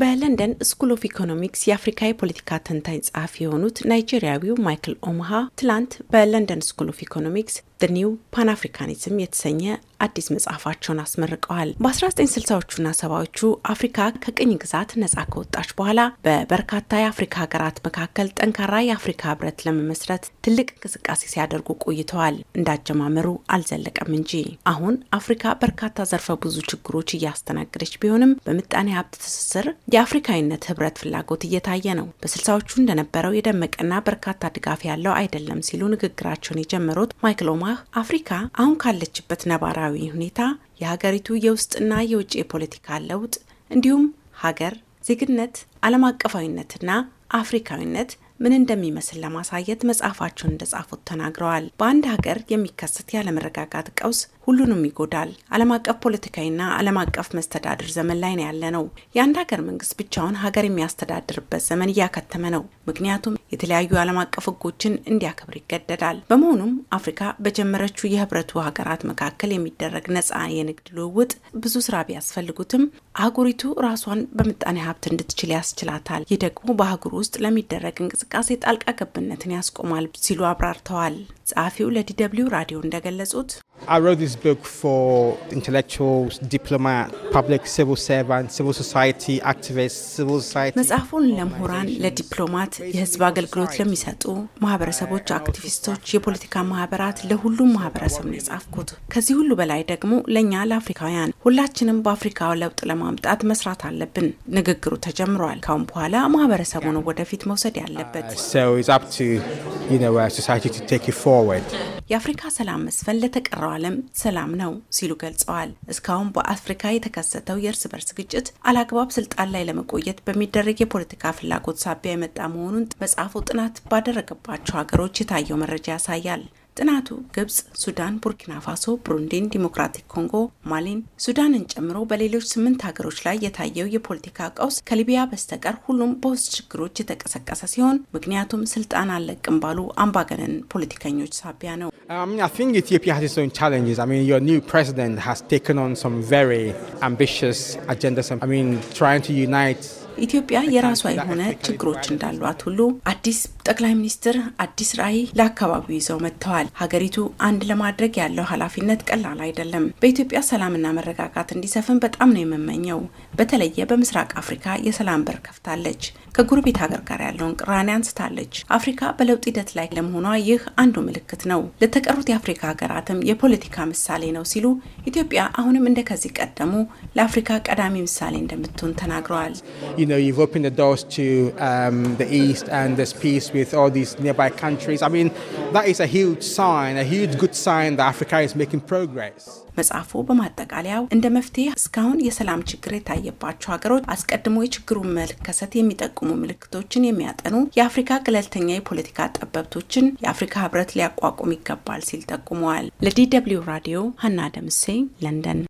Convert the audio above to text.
በለንደን ስኩል ኦፍ ኢኮኖሚክስ የአፍሪካ የፖለቲካ ተንታኝ ጸሐፊ የሆኑት ናይጄሪያዊው ማይክል ኦምሃ ትላንት በለንደን ስኩል ኦፍ ኢኮኖሚክስ ዘ ኒው ፓን የተሰኘ አዲስ መጽሐፋቸውን አስመርቀዋል። በ1960ዎቹና ሰባዎቹ አፍሪካ ከቅኝ ግዛት ነጻ ከወጣች በኋላ በበርካታ የአፍሪካ ሀገራት መካከል ጠንካራ የአፍሪካ ህብረት ለመመስረት ትልቅ እንቅስቃሴ ሲያደርጉ ቆይተዋል። እንዳጀማመሩ አልዘለቀም እንጂ አሁን አፍሪካ በርካታ ዘርፈ ብዙ ችግሮች እያስተናገደች ቢሆንም በምጣኔ ሀብት ትስስር የአፍሪካዊነት ህብረት ፍላጎት እየታየ ነው። በስልሳዎቹ እንደነበረው የደመቀና በርካታ ድጋፍ ያለው አይደለም ሲሉ ንግግራቸውን የጀመሩት ማይክል ኦማ ባለሙያ አፍሪካ አሁን ካለችበት ነባራዊ ሁኔታ የሀገሪቱ የውስጥና የውጭ የፖለቲካ ለውጥ እንዲሁም ሀገር፣ ዜግነት፣ ዓለም አቀፋዊነትና አፍሪካዊነት ምን እንደሚመስል ለማሳየት መጽሐፋቸውን እንደጻፉት ተናግረዋል። በአንድ ሀገር የሚከሰት ያለመረጋጋት ቀውስ ሁሉንም ይጎዳል። ዓለም አቀፍ ፖለቲካዊና ዓለም አቀፍ መስተዳድር ዘመን ላይ ነው ያለ ነው። የአንድ ሀገር መንግስት ብቻውን ሀገር የሚያስተዳድርበት ዘመን እያከተመ ነው። ምክንያቱም የተለያዩ ዓለም አቀፍ ህጎችን እንዲያከብር ይገደዳል። በመሆኑም አፍሪካ በጀመረችው የህብረቱ ሀገራት መካከል የሚደረግ ነጻ የንግድ ልውውጥ ብዙ ስራ ቢያስፈልጉትም አህጉሪቱ ራሷን በምጣኔ ሀብት እንድትችል ያስችላታል። ይህ ደግሞ በአህጉር ውስጥ ለሚደረግ እንቅስቃሴ ጣልቃ ገብነትን ያስቆማል ሲሉ አብራርተዋል። ጸሐፊው ለዲደብሊው ራዲዮ እንደገለጹት I wrote this book for intellectuals, diplomats, public civil servants, civil society activists, civil society. መጽሐፉን ለምሁራን፣ ለዲፕሎማት፣ የህዝብ አገልግሎት ለሚሰጡ ማህበረሰቦች፣ አክቲቪስቶች፣ የፖለቲካ ማህበራት፣ ለሁሉም ማህበረሰብ ነው የጻፍኩት። ከዚህ ሁሉ በላይ ደግሞ ለእኛ ለአፍሪካውያን ሁላችንም በአፍሪካ ለውጥ ለማምጣት መስራት አለብን። ንግግሩ ተጀምሯል። ካሁን በኋላ ማህበረሰቡን ወደፊት መውሰድ ያለበት የአፍሪካ ሰላም መስፈን ለተቀረው ዓለም ሰላም ነው ሲሉ ገልጸዋል። እስካሁን በአፍሪካ የተከሰተው የእርስ በርስ ግጭት አላግባብ ስልጣን ላይ ለመቆየት በሚደረግ የፖለቲካ ፍላጎት ሳቢያ የመጣ መሆኑን መጽሐፉ ጥናት ባደረገባቸው ሀገሮች የታየው መረጃ ያሳያል። ጥናቱ ግብጽ፣ ሱዳን፣ ቡርኪና ፋሶ፣ ብሩንዲን፣ ዲሞክራቲክ ኮንጎ፣ ማሊን፣ ሱዳንን ጨምሮ በሌሎች ስምንት ሀገሮች ላይ የታየው የፖለቲካ ቀውስ ከሊቢያ በስተቀር ሁሉም በውስጥ ችግሮች የተቀሰቀሰ ሲሆን ምክንያቱም ስልጣን አለቅም ባሉ አምባገነን ፖለቲከኞች ሳቢያ ነው። ፕሬዚደንት um, ኢትዮጵያ የራሷ የሆነ ችግሮች እንዳሏት ሁሉ አዲስ ጠቅላይ ሚኒስትር አዲስ ራዕይ ለአካባቢው ይዘው መጥተዋል። ሀገሪቱ አንድ ለማድረግ ያለው ኃላፊነት ቀላል አይደለም። በኢትዮጵያ ሰላምና መረጋጋት እንዲሰፍን በጣም ነው የምመኘው። በተለየ በምስራቅ አፍሪካ የሰላም በር ከፍታለች። ከጎረቤት ሀገር ጋር ያለውን ቅራኔ አንስታለች። አፍሪካ በለውጥ ሂደት ላይ ለመሆኗ ይህ አንዱ ምልክት ነው። ለተቀሩት የአፍሪካ ሀገራትም የፖለቲካ ምሳሌ ነው ሲሉ ኢትዮጵያ አሁንም እንደከዚህ ቀደሙ ለአፍሪካ ቀዳሚ ምሳሌ እንደምትሆን ተናግረዋል። you know, you've opened the doors to um, the East and there's peace with all these nearby countries. I mean, that is a huge sign, a huge good sign that Africa is making progress. መጽሐፉ በማጠቃለያው እንደ መፍትሄ እስካሁን የሰላም ችግር የታየባቸው ሀገሮች አስቀድሞ የችግሩን መከሰት የሚጠቁሙ ምልክቶችን የሚያጠኑ የአፍሪካ ገለልተኛ የፖለቲካ ጠበብቶችን የአፍሪካ ህብረት ሊያቋቁም ይገባል ሲል ጠቁመዋል። ለዲ ደብልዩ ራዲዮ ሀና ደምሴ ለንደን።